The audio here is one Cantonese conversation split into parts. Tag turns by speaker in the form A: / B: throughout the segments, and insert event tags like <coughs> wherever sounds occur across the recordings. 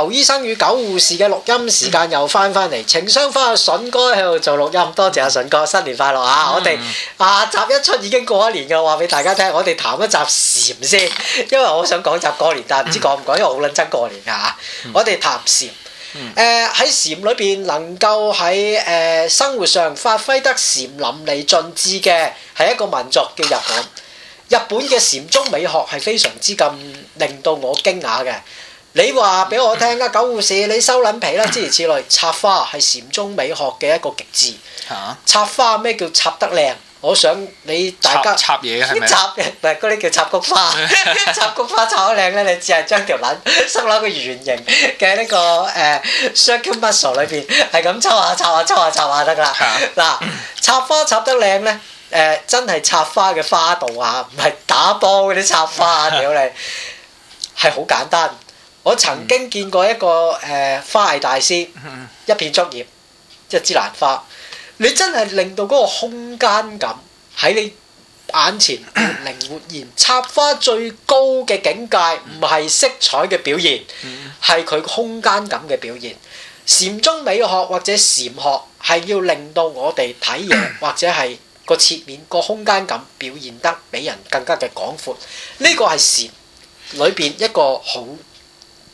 A: 劉醫生與狗護士嘅錄音時間又翻返嚟，情商返阿筍哥喺度做錄音，多謝阿、啊、筍哥，新年快樂、嗯、啊！我哋啊集一出已經過一年噶，話俾大家聽，我哋談一集禪先，因為我想講集過年，但係唔知講唔講，因為我好撚憎過年噶吓。嗯、我哋談禪，誒喺禪裏邊能夠喺誒生活上發揮得禪淋漓盡致嘅，係一個民族嘅日本。日本嘅禪宗美學係非常之咁令到我驚訝嘅。你話俾我聽啊，狗護士，你收撚皮啦，諸如此類。插花係禪宗美學嘅一個極致。插花咩叫插得靚？我想你大家插嘢嘅係咪？插嘅，唔係嗰啲叫插菊花。 <laughs> 插菊花插得靚咧，你只係將條撚收攞個圓形嘅呢、呢個誒 shock i n d muscle 裏邊，係咁抽下插下抽下插下得啦。嗱， <laughs> 插花插得靚咧，誒、呃、真係插花嘅花道啊，唔係打波嗰啲插花屌你，係好 <laughs> 簡單。我曾經見過一個誒、呃、花藝大師一片竹葉一枝蘭花，你真係令到嗰個空間感喺你眼前 <coughs> 活靈活現。插花最高嘅境界唔係色彩嘅表現，係佢 <coughs> 空間感嘅表現。禪宗美學或者禪學係要令到我哋睇嘢或者係個切面、個空間感表現得畀人更加嘅廣闊。呢、這個係禪裏邊一個好。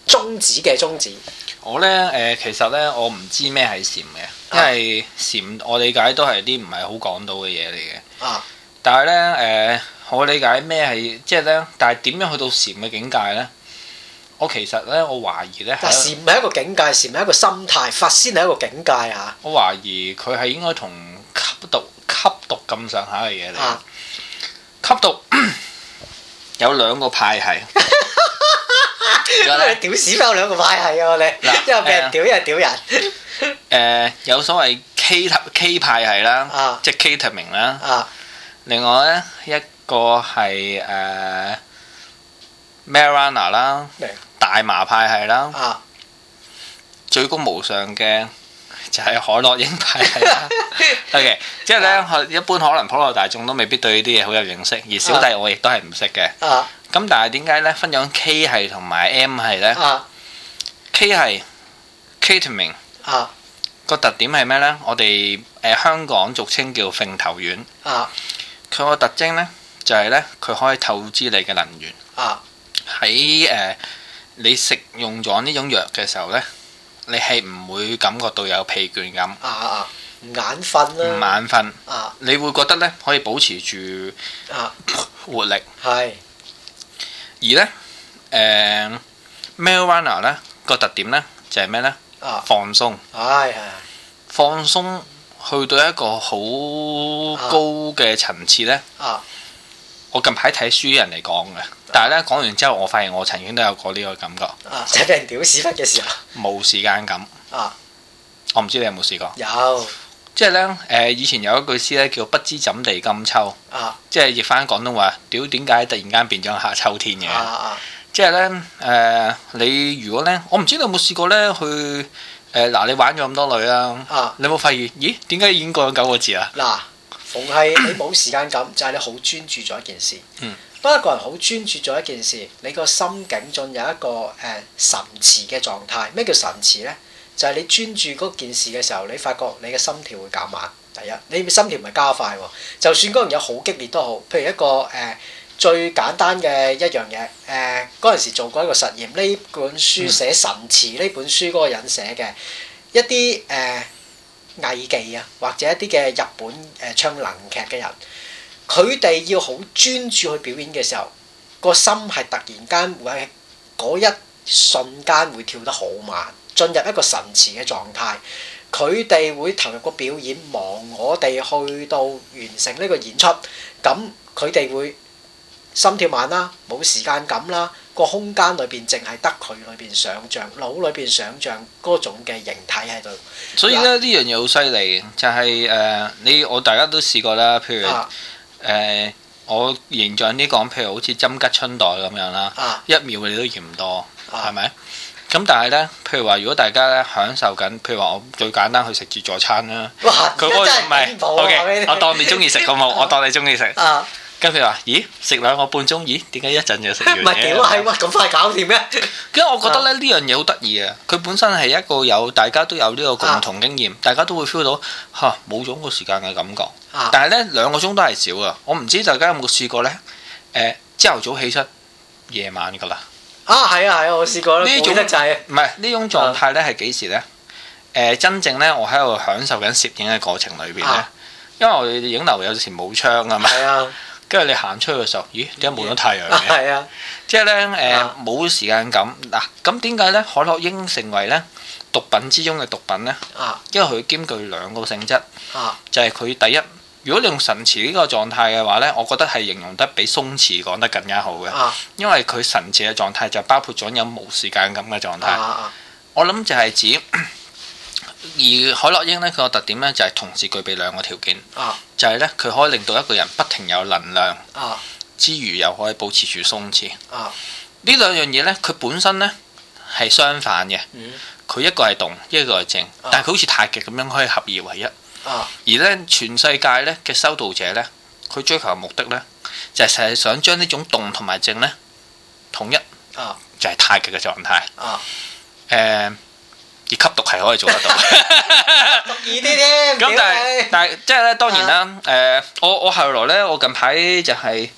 A: 宗旨嘅宗旨，
B: 我咧誒、呃，其實咧，我唔知咩係禪嘅，因為禪我理解都係啲唔係好講到嘅嘢嚟嘅。啊！但係咧誒，我理解咩係，即係咧，但係點樣去到禪嘅境界咧？我其實咧，我懷疑咧，係禪
A: 係一個境界，禪係一個心態，佛先係一個境界啊。
B: 我懷疑佢係應該同吸毒、吸毒咁上下嘅嘢嚟。啊、吸毒 <coughs> 有兩個派系。 <laughs> 因為屌屎
A: 包兩個派系啊，我哋一係俾人屌，一
B: 係屌人。誒，有所謂 K 派 K 派系啦，即係 Ketamine 啦。另外咧一個係誒 Marana 啦，大麻派系啦，最高無上嘅。就係海洛英牌啦，OK，即係咧，啊、一般可能普羅大眾都未必對呢啲嘢好有認識，而小弟我亦都係唔識嘅。咁、啊、但係點解咧？分咗 K 系同埋 M 系咧、啊、？K 系 Ketamine 啊，個特點係咩咧？我哋誒、呃、香港俗稱叫鳳頭丸啊，佢個特徵咧就係、是、咧，佢可以透支你嘅能源啊。喺誒、呃、你食用咗呢種藥嘅時候咧。你係唔會感覺到有疲倦咁，唔、啊、眼瞓啦，唔眼瞓，啊、你會覺得咧可以保持住活力，係、啊。而咧，誒、呃、melaner 咧個特點咧就係咩咧？啊，放鬆，
A: 係係、哎呀，
B: 放鬆去到一個好高嘅層次咧、啊。啊。我近排睇書人嚟講嘅，但係咧講完之後，我發現我曾經都有過呢個感覺，就係俾人屌屎忽嘅時候，冇、啊、時間感。啊，我唔知你有冇試過？有，即係咧誒，以前有一句詩咧叫不知怎地今秋，啊，即係譯翻廣東話，屌點解突然間變咗下秋天嘅？即係咧誒，你如果咧，我唔知你有冇試過咧去誒嗱、呃，你玩咗咁多類啦，啊，啊你有冇發現？咦，點解已經過咗九個字啊？嗱、
A: 啊。同係你冇時間感，就係、是、你好專注咗一件事。嗯、當一個人好專注咗一件事，你個心境進入一個誒、呃、神馳嘅狀態。咩叫神馳呢？就係、是、你專注嗰件事嘅時候，你發覺你嘅心跳會減慢。第一，你嘅心跳唔係加快喎。就算嗰樣嘢好激烈都好，譬如一個誒、呃、最簡單嘅一樣嘢。誒嗰陣時做過一個實驗，呢本書寫神馳，呢、嗯、本書嗰個人寫嘅一啲誒。呃藝妓啊，或者一啲嘅日本誒、呃、唱能劇嘅人，佢哋要好專注去表演嘅時候，個心係突然間會喺嗰一瞬間會跳得好慢，進入一個神馳嘅狀態。佢哋會投入個表演，忙我哋去到完成呢個演出，咁佢哋會心跳慢啦，冇時間感啦。個空間裏邊淨係得佢裏邊想像，腦裏邊想像嗰種嘅形體喺度。
B: 所以咧，呢樣嘢好犀利就係誒你我大家都試過啦。譬如誒，我形象啲講，譬如好似針吉春袋咁樣啦，一秒你都嫌唔多，係咪？咁但係咧，譬如話，如果大家咧享受緊，譬如話我最簡單去食自助餐啦，佢嗰個唔係 OK，我當你中意食好冇？我當你中意食。跟住佢話：咦，食兩個半鐘，咦，點解一陣就食完？唔係幾快
A: 喎！咁、 <laughs> 啊、快搞掂咩？嘅。咁我覺得
B: 咧呢樣嘢好得意啊。佢 <laughs> 本身係一個有大家都有呢個共同經驗，啊、大家都會 feel 到吓，冇咗個時間嘅感覺。啊、但係咧兩個鐘都係少有有、呃、啊，啊，啊！我唔知大家有冇試過咧？誒種，朝頭早起身，夜晚噶啦。
A: 啊，係啊，係啊，我試
B: 過呢種得滯。唔係呢種狀態咧，係幾時咧？誒，真正咧，我喺度享受緊攝影嘅過程裏邊咧。因為我哋影樓有時冇窗啊嘛。係 <laughs> 啊。跟住你行出去嘅時候，咦？點解冇咗太陽嘅？係、嗯、啊，啊即係咧誒，冇、呃啊、時間感嗱。咁點解咧海洛英成為咧毒品之中嘅毒品咧？啊、因為佢兼具兩個性質、啊、就係佢第一，如果你用神馳呢個狀態嘅話咧，我覺得係形容得比鬆弛講得更加好嘅，啊、因為佢神馳嘅狀態就包括咗有冇時間感嘅狀態。啊啊啊、我諗就係指。而海洛英咧，佢個特點咧就係、是、同時具備兩個條件，啊、就係咧佢可以令到一個人不停有能量，啊、之餘又可以保持住鬆弛。啊、兩呢兩樣嘢咧，佢本身咧係相反嘅，佢、嗯、一個係動，一個係靜，啊、但係佢好似太極咁樣可以合二為一。啊、而咧全世界咧嘅修道者咧，佢追求嘅目的咧，就係、是、想將呢種動同埋靜咧統一，就係、是、太極嘅狀態。誒。啊而吸毒係可以做得到，易啲啫。咁但係，但係即係咧，當然啦。誒、啊呃，我我後來咧，我近排就係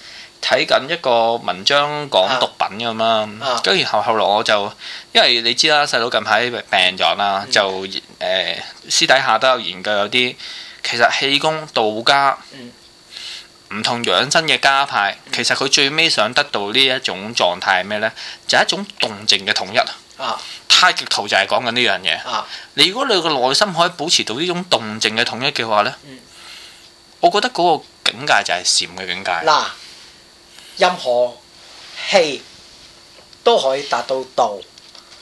B: 睇緊一個文章講毒品咁啦。咁、啊啊、然後後來我就，因為你知啦，細佬近排病咗啦，就誒、呃、私底下都有研究有啲，其實氣功、道家，唔、嗯、同養生嘅家派，其實佢最尾想得到呢一種狀態係咩咧？就係、是、一種動靜嘅統一。啊！太極圖就係講緊呢樣嘢。啊！你如果你個內心可以保持到呢種動靜嘅統一嘅話呢，嗯，我覺得嗰個境界就係禪嘅境界。嗱，
A: 任何氣都可以達到道。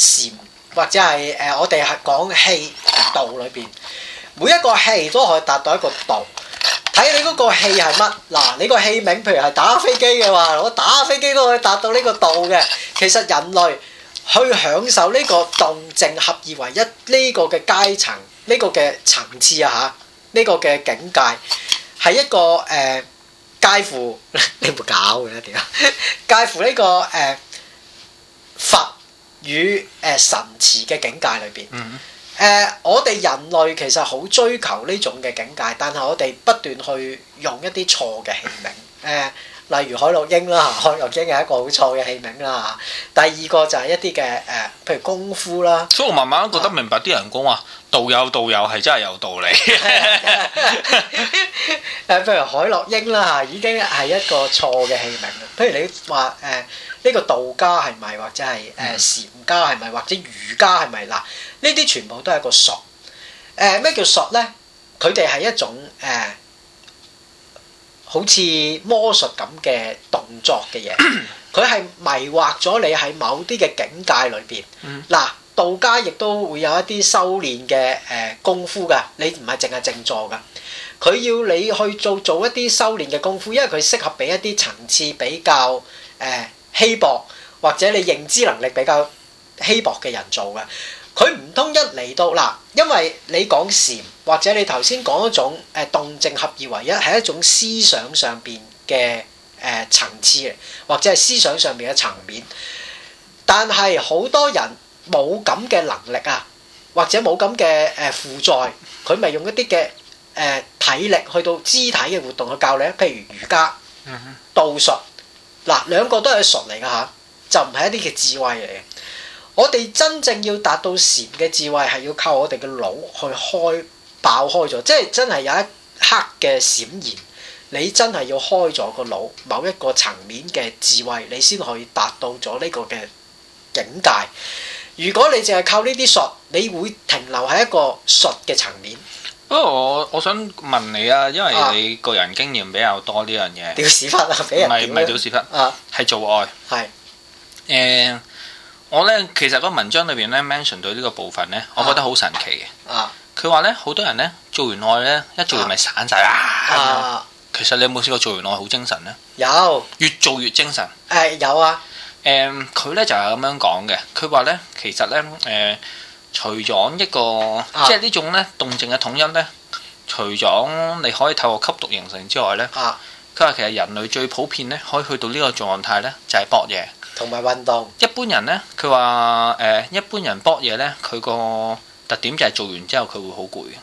A: 禪或者係誒、呃，我哋係講氣道裏邊，每一個氣都可以達到一個道。睇你嗰個氣係乜？嗱，你個氣名，譬如係打飛機嘅話，我打飛機都可以達到呢個道嘅。其實人類去享受呢個動靜合二為一呢個嘅階層，呢個嘅層次啊嚇，呢個嘅境界係一個誒、呃，介乎你冇搞嘅啦，點啊？介乎呢、這個誒、呃、佛。與誒、呃、神慈嘅境界裏邊，誒、呃、我哋人類其實好追求呢種嘅境界，但係我哋不斷去用一啲錯嘅器皿，誒、呃、例如海洛英啦，海洛英係一個好錯嘅器皿啦。第二個就係一啲嘅誒，譬如功夫
B: 啦。所以我慢慢覺得明白啲人講話、啊啊、道友道友係真係有道理。
A: 誒、 <laughs> <laughs> 呃，譬如海洛英啦，已經係一個錯嘅器皿。譬如你話誒。呃呢個道家係咪或者係誒禪家係咪或者儒家係咪嗱？呢啲全部都係一個索。誒、呃、咩叫索咧？佢哋係一種誒、呃、好似魔術咁嘅動作嘅嘢，佢係迷惑咗你喺某啲嘅境界裏邊。嗱、呃，道家亦都會有一啲修練嘅誒功夫㗎，你唔係淨係靜坐㗎，佢要你去做做一啲修練嘅功夫，因為佢適合俾一啲層次比較誒。呃稀薄或者你認知能力比較稀薄嘅人做嘅，佢唔通一嚟到嗱，因為你講禪，或者你頭先講一種誒動靜合二為一，係一種思想上邊嘅誒層次，或者係思想上邊嘅層面。但係好多人冇咁嘅能力啊，或者冇咁嘅誒負載，佢咪用一啲嘅誒體力去到肢體嘅活動去教你，譬如瑜伽、道術。嗱，兩個都係術嚟㗎吓，就唔係一啲嘅智慧嚟。我哋真正要達到禪嘅智慧，係要靠我哋嘅腦去開爆開咗，即係真係有一刻嘅閃現，你真係要開咗個腦，某一個層面嘅智慧，你先可以達到咗呢個嘅境界。如果你淨係靠呢啲術，你會停留喺一個術嘅層面。
B: 不過我我想問你啊，因為你個人經驗比較多呢樣嘢。屌屎忽啊！俾人唔係唔係屌屎忽，係做愛。係。誒、呃，我咧其實個文章裏邊咧 mention 對呢個部分咧，我覺得好神奇嘅。啊。佢話咧，好多人咧做完愛咧一做完咪散晒。啊。啊其實你有冇試過做完愛好精神咧？有。越做越精神。誒、啊、有啊。誒佢咧就係咁樣講嘅。佢話咧其實咧誒。除咗一個，啊、即係呢種咧動靜嘅統一咧，除咗你可以透過吸毒形成之外咧，佢話、啊、其實人類最普遍咧可以去到呢個狀態咧，就係搏嘢同埋運動一、呃。一般人咧，佢話誒一般人搏嘢咧，佢個特點就係做完之後佢會好攰嘅。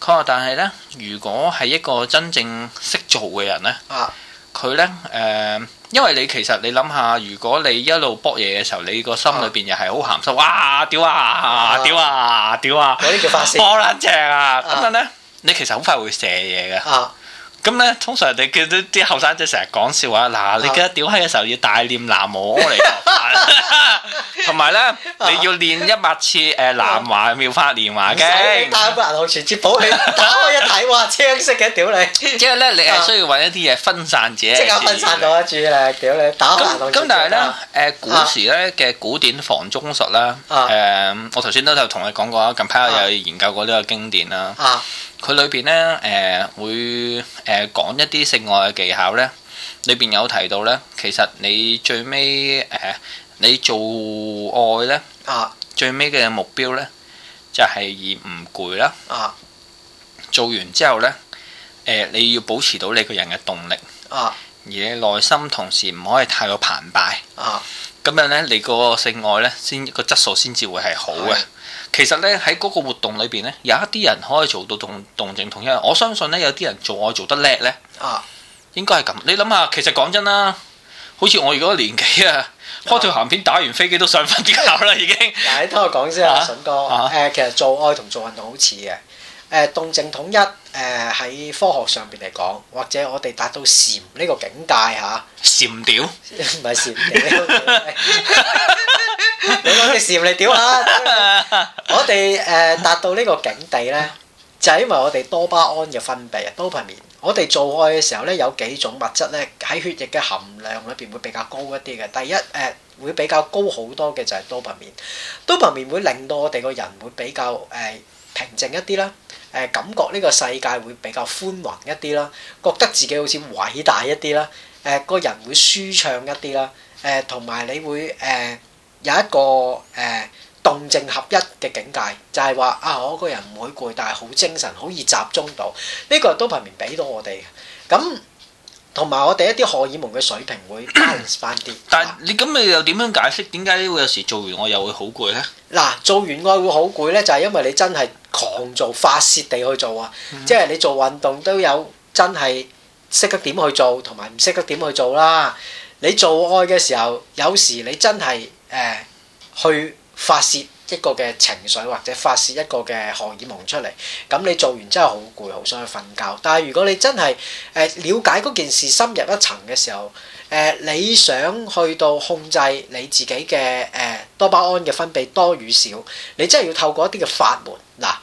B: 佢話、啊、但係咧，如果係一個真正識做嘅人咧。啊。佢呢，誒，因為你其實你諗下，如果你一路搏嘢嘅時候，你個心裏邊又係好鹹濕，哇屌啊屌啊屌啊！嗰啲叫發泄，好撚正啊！咁樣呢，你其實好快會射嘢嘅。咁咧，通常你叫啲啲後生仔成日講笑話，嗱，你記得屌閪嘅時候要大念南無嚟，同埋咧你要練一百次誒南無妙法蓮華嘅，大
A: 紅龍全節寶器打開一睇，哇青色嘅，屌你！即係咧，你係需
B: 要揾一啲嘢分散者，即刻分散到一注啦，屌你！打開咁咁，但係咧誒古時咧嘅古典房中術啦，誒、 <laughs> <laughs> 呃、我頭先都就同你講過啦，近排我有研究過呢個經典啦。 <laughs> 佢裏邊咧，誒、呃、會誒、呃、講一啲性愛嘅技巧咧。裏邊有提到咧，其實你最尾誒、呃、你做愛咧，啊、最尾嘅目標咧就係以唔攰啦。啊、做完之後咧，誒、呃、你要保持到你個人嘅動力，啊、而你內心同時唔可以太過澎湃。啊啊咁樣咧，你個性愛咧，先個質素先至會係好嘅。啊、其實咧，喺嗰個活動裏邊咧，有一啲人可以做到動動靜統一。我相信咧，有啲人做愛做得叻咧，啊，應該係咁。你諗下，其實講真啦，好似我而家年紀啊，開條鹹片打完飛機都上瞓邊個口啦，已經。
A: 嗱、啊， <laughs> <laughs> 你聽我講先啊，筍哥、啊，其實做愛同做運動好似嘅。誒動靜統一，誒喺科學上邊嚟講，或者我哋達到禪呢個境界嚇。
B: 禪屌？唔係禪屌。你
A: 講嘅禪嚟屌嚇！我哋誒達到呢個境地咧，就係因為我哋多巴胺嘅分泌，多巴胺。我哋做愛嘅時候咧，有幾種物質咧喺血液嘅含量裏邊會比較高一啲嘅。第一誒會比較高好多嘅就係多巴胺。多巴胺會令到我哋個人會比較誒平靜一啲啦。誒感覺呢個世界會比較寬宏一啲啦，覺得自己好似偉大一啲啦，誒、呃、個人會舒暢一啲啦，誒同埋你會誒、呃、有一個誒、呃、動靜合一嘅境界，就係、是、話啊我個人唔會攰，但係好精神，好易集中到呢、這個都平平俾到我哋。咁同埋我哋一啲荷爾蒙嘅水平會
B: balance 翻啲。但係你咁你又點樣解釋？點解你會有時做完我又會好攰咧？
A: 嗱，做完我會好攰咧，就係、是、因為你真係。狂做發泄地去做啊！嗯、即係你做運動都有真係識得點去做，同埋唔識得點去做啦。你做愛嘅時候，有時你真係誒、呃、去發泄一個嘅情緒，或者發泄一個嘅荷爾蒙出嚟。咁你做完真係好攰，好想去瞓覺。但係如果你真係誒、呃、了解嗰件事深入一層嘅時候，誒、呃、你想去到控制你自己嘅誒、呃、多巴胺嘅分泌多與少，你真係要透過一啲嘅法門。嗱，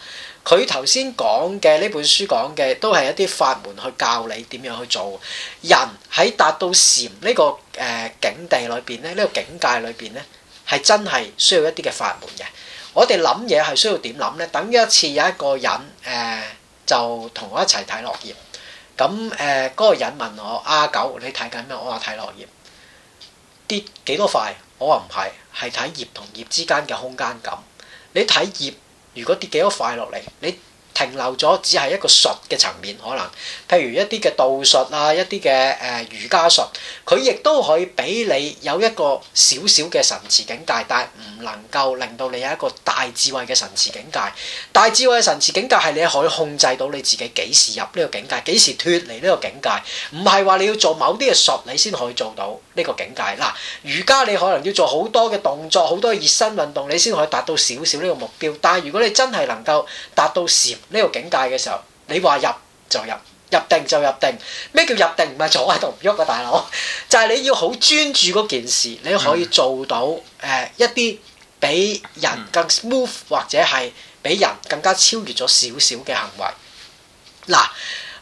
A: 佢頭先講嘅呢本書講嘅都係一啲法門去教你點樣去做人喺達到禪呢、這個誒、呃、境地裏邊咧，呢、這個境界裏邊咧係真係需要一啲嘅法門嘅。我哋諗嘢係需要點諗咧？等於一次有一個人誒、呃、就同我一齊睇落葉咁誒，嗰、嗯呃嗰個人問我阿九、啊、你睇緊咩？我話睇落葉啲幾多塊？我話唔係，係睇葉同葉之間嘅空間感。你睇葉。如果跌幾多塊落嚟，你？停留咗只係一個術嘅層面，可能譬如一啲嘅道術啊，一啲嘅誒瑜伽術，佢亦都可以俾你有一個少少嘅神持境界，但係唔能夠令到你有一個大智慧嘅神持境界。大智慧嘅神持境界係你可以控制到你自己幾時入呢個境界，幾時脱離呢個境界，唔係話你要做某啲嘅術你先可以做到呢個境界。嗱，瑜伽你可能要做好多嘅動作，好多熱身運動，你先可以達到少少呢個目標。但係如果你真係能夠達到呢個境界嘅時候，你話入就入，入定就入定。咩叫入定？唔係坐喺度唔喐啊，大佬 <laughs> 就係你要好專注嗰件事，你可以做到誒、呃、一啲比人更 smooth 或者係比人更加超越咗少少嘅行為。嗱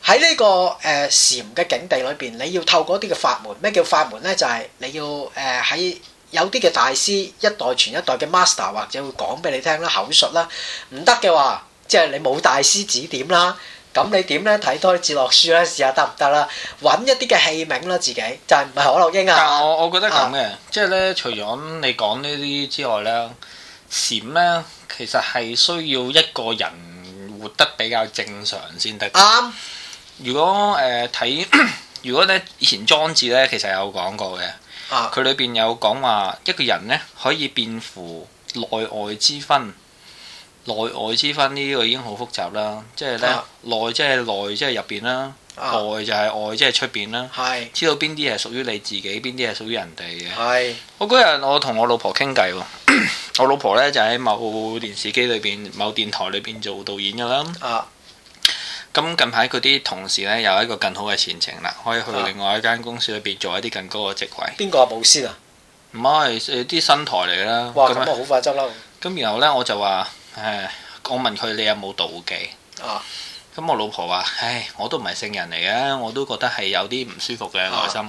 A: 喺呢個誒禪嘅境地裏邊，你要透過啲嘅法門。咩叫法門咧？就係、是、你要誒喺、呃、有啲嘅大師一代傳一代嘅 master 或者會講俾你聽啦，口述啦，唔得嘅話。即係你冇大師指點啦，咁你點咧？睇多啲哲學書咧，試下得唔得啦？揾一啲嘅器皿啦、啊，自己就係唔係可樂英啊？但我
B: 我覺得咁嘅，啊、即係咧，除咗你講呢啲之外咧，禪咧其實係需要一個人活得比較正常先得。啱、啊呃。 <coughs> 如果誒睇，如果咧以前莊子咧，其實有講過嘅，佢裏邊有講話一個人咧可以辨乎內外之分。內外之分呢個已經好複雜啦，即係咧內即係內即係入邊啦，啊、外就係外即係出邊啦。係是知道邊啲係屬於你自己，邊啲係屬於人哋嘅。係是我嗰日我同我老婆傾偈喎，我老婆咧就喺、是、某電視機裏邊、某電台裏邊做導演噶啦。咁、啊、近排佢啲同事咧有一個更好嘅前程啦，可以去另外一間公司裏邊做一啲更高嘅職位。邊個啊，無線啊？唔係誒，啲新台嚟啦。哇！咁啊，
A: 好快執笠。
B: 咁然後咧，我就話。誒，我問佢你有冇妒忌？哦、啊，咁我老婆話，唉，我都唔係聖人嚟嘅，我都覺得係有啲唔舒服嘅內心。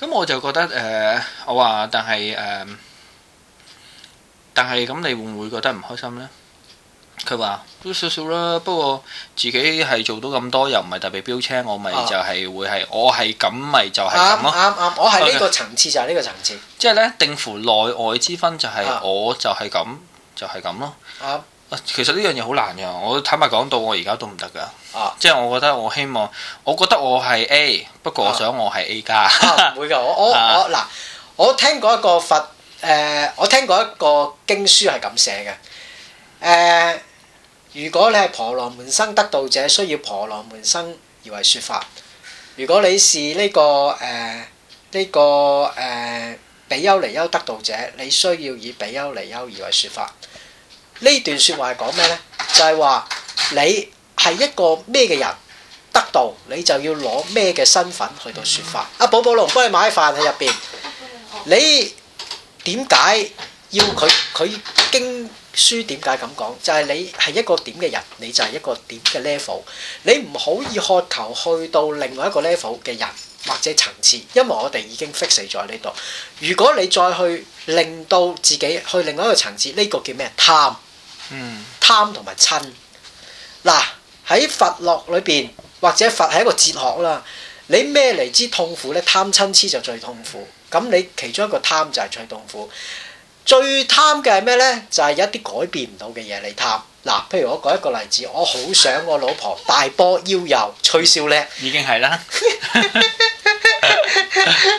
B: 咁、啊、我就覺得誒、呃，我話但係誒，但係咁、呃、你會唔會覺得唔開心咧？佢話都少少啦，不過自己係做到咁多，又唔係特別標青，我咪就係會係、啊啊啊，我係咁咪就係咁咯。啱
A: 啱，我係呢個層次就係呢個層
B: 次。即係咧，定乎內外之分就、啊，就係我就係咁。就係咁咯。啊，其實呢樣嘢好難嘅，我坦白講到我而家都唔得㗎。啊，即係我覺得我希望，我覺得我係 A、啊、不過我想我係 A 加。唔、啊
A: <laughs> 啊、會㗎，我我、啊、我嗱，我聽過一個佛誒、呃，我聽過一個經書係咁寫嘅。誒、呃，如果你係婆羅門生得道者，需要婆羅門生而為説法。如果你是呢、這個誒呢、呃，這個誒。呃比丘尼優得道者，你需要以比丘尼優而為説法。呢段說話係講咩呢？就係話你係一個咩嘅人，得道你就要攞咩嘅身份去到說法。阿寶寶龍，幫你買飯喺入邊。你點解要佢佢經書？點解咁講？就係你係一個點嘅人，你就係一個點嘅 level。你唔可以渴求去到另外一個 level 嘅人。或者層次，因為我哋已經 fix 死喺呢度。如果你再去令到自己去另外一個層次，呢個叫咩？貪，貪同埋嗔。嗱喺佛樂裏邊或者佛係一個哲學啦。你咩嚟之痛苦咧，貪嗔痴就最痛苦。咁你其中一個貪就係最痛苦。最貪嘅係咩咧？就係有一啲改變唔到嘅嘢你貪。嗱，譬如我舉一個例子，我好想我老婆大波腰幼吹笑叻，
B: 已經係啦。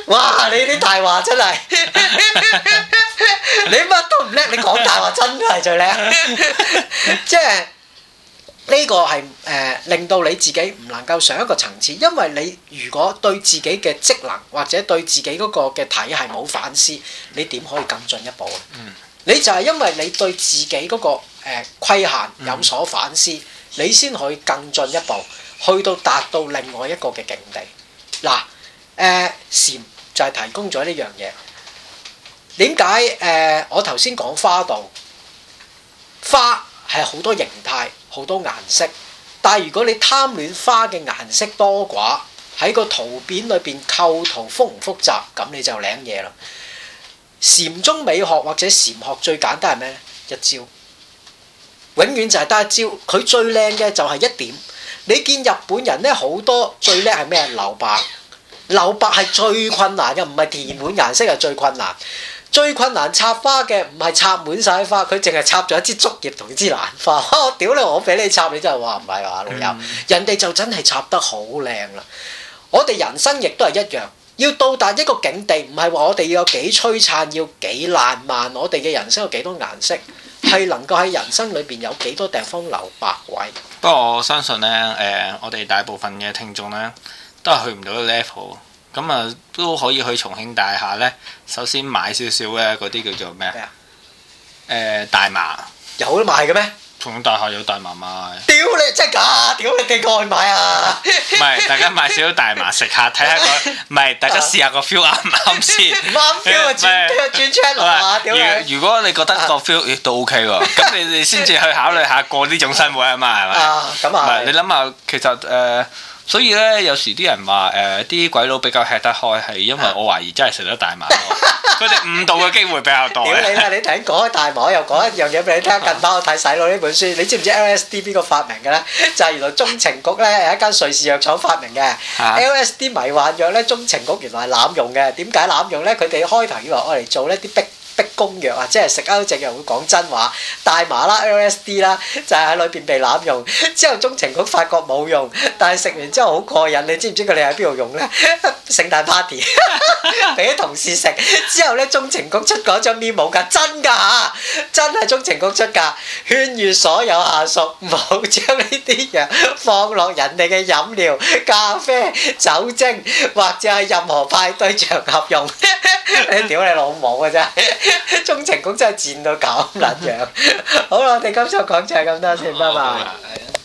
A: 哇！你啲大話真係，你乜都唔叻，你講大話真係最叻。即係呢個係誒令到你自己唔能夠上一個層次，因為你如果對自己嘅職能或者對自己嗰個嘅體系冇反思，你點可以更進一步呢？嗯，你就係因為你對自己嗰個誒規限有所反思，你先可以更進一步，去到達到另外一個嘅境地。嗱。誒禪、呃、就係提供咗呢樣嘢，點解誒？我頭先講花道，花係好多形態、好多顏色，但係如果你貪戀花嘅顏色多寡，喺個圖片裏邊構圖複唔複雜，咁你就領嘢啦。禪中美學或者禪學最簡單係咩咧？一招，永遠就係得一招。佢最靚嘅就係一點。你見日本人咧好多最叻係咩？留白。留白係最困難嘅，唔係填滿顏色係最困難。最困難插花嘅唔係插滿晒花，佢淨係插咗一支竹葉同支蘭花。哈！屌你，我俾你插，你真係話唔係話老友，嗯、人哋就真係插得好靚啦。我哋人生亦都係一樣，要到達一個境地，唔係話我哋要有幾璀璨，要幾爛漫，我哋嘅人生有幾多顏色，係能夠喺人生裏邊有幾多地方留白位。嗯、
B: 不過我相信咧，誒、呃，我哋大部分嘅聽眾咧。都係去唔到 level，咁啊都可以去重慶大廈呢。首先買少少咧嗰啲叫做咩啊？大麻有得賣嘅咩？重慶大廈有大麻賣。屌你真係假？屌你哋過去買啊？唔係，大家買少少大麻食下，睇下。唔係，大家試下個 feel 啱唔啱先？唔啱 feel 就轉轉出嚟啦。如果你覺得個 feel 亦都 OK 喎，咁你哋先至去考慮下過呢種生活啊嘛，係咪？啊，咁啊。唔係，你諗下，其實誒。所以呢，有時啲人話誒啲鬼佬比較吃得開，係因為我懷疑真係食咗大麻，佢哋悟道嘅機會比較多。屌 <laughs> 你啦！你
A: 睇講開大麻又講一樣嘢俾你聽。近排我睇《洗腦》呢本書，你知唔知 LSD 邊個發明嘅呢？就係原來中情局呢係一間瑞士藥廠發明嘅。 <laughs> LSD 迷幻藥呢，中情局原來係濫用嘅。點解濫用呢？佢哋開頭以為我嚟做呢啲逼逼供藥啊，即係食歐洲藥會講真話。大麻啦、LSD 啦，就係喺裏邊被濫用。之後中情局發覺冇用，但係食完之後好過癮。你知唔知佢哋喺邊度用咧？聖誕 party 俾啲同事食。之後咧，中情局出嗰張 memo 㗎，真㗎，真係中情局出㗎。勸喻所有下屬，唔好將呢啲藥放落人哋嘅飲料、咖啡、酒精或者係任何派對場合用。你屌你老母㗎真係。中 <laughs> 情局真係賤到咁撚樣，好啦，我哋今集講就係咁多先，拜拜。